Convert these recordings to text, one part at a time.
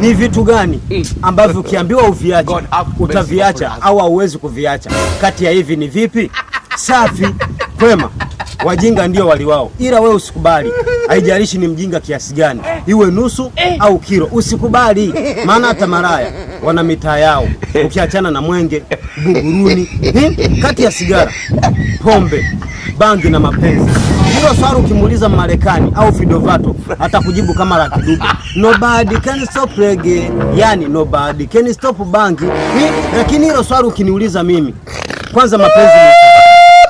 ni vitu gani mm. ambavyo ukiambiwa uviache utaviacha au hauwezi kuviacha? Kati ya hivi ni vipi? Safi, kwema. Wajinga ndio wali wao, ila wewe usikubali. Haijalishi ni mjinga kiasi gani, iwe nusu au kilo, usikubali. Maana hata maraya wana mitaa yao, ukiachana na mwenge, buguruni, hmm? kati ya sigara, pombe, bangi na mapenzi. Hilo swali ukimuuliza Marekani au Fidovato atakujibu kama la kidudu, nobody can stop reggae, yani nobody can stop bangi. Hmm? Lakini hilo swali ukiniuliza mimi, kwanza mapenzi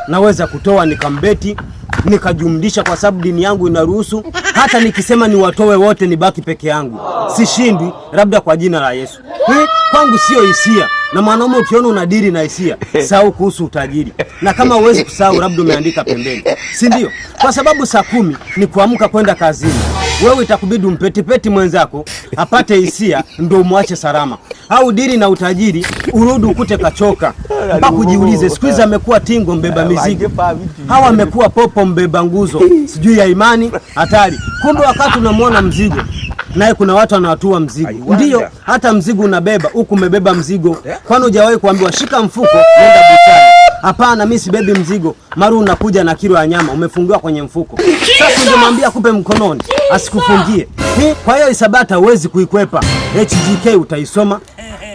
naweza kutoa nikambeti nikajumlisha, kwa sababu dini yangu inaruhusu. Hata nikisema niwatoe wote nibaki peke yangu sishindwi, labda kwa jina la Yesu. Hii kwangu siyo hisia. Na mwanaume ukiona unadiri na hisia, sahau kuhusu utajiri, na kama uwezi kusahau, labda umeandika pembeni, si ndio? Kwa sababu saa kumi ni kuamka kwenda kazini wewe itakubidi umpetipeti mwenzako apate hisia ndo umwache salama, au dili na utajiri urudi ukute kachoka mpaka ujiulize, siku hizi amekuwa tingo mbeba mizigo, hawa amekuwa popo mbeba nguzo, sijui ya imani hatari. Kumbe wakati unamwona mzigo naye kuna watu anawatua mzigo. Ndiyo, hata mzigo unabeba huku umebeba mzigo, kwani hujawahi kuambiwa shika mfuko nenda butani? Hapana, mimi si bebi mzigo. Mara unakuja na kilo ya nyama umefungiwa kwenye mfuko. Sasa ungemwambia kupe mkononi asikufungie. Kwa hiyo isabata huwezi kuikwepa. HGK utaisoma,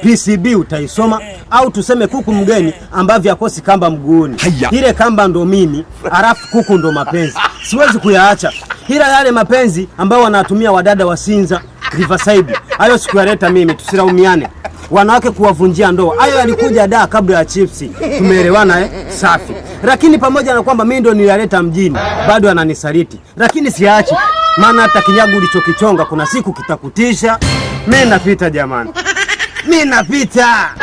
PCB utaisoma au tuseme kuku mgeni ambavyo akosi kamba mguuni. Ile kamba ndo mimi, alafu kuku ndo mapenzi. Siwezi kuyaacha. Ila yale mapenzi ambayo wanatumia wadada wa Sinza Riverside, hayo sikuyaleta mimi, tusilaumiane wanawake kuwavunjia ndoa. Hayo yalikuja da kabla ya chipsi, tumeelewana eh? Safi. Lakini pamoja na kwamba mimi ndo nilaleta mjini, bado ananisaliti, lakini siachi, maana hata kinyago ulichokichonga kuna siku kitakutisha. Mimi napita jamani, mimi napita.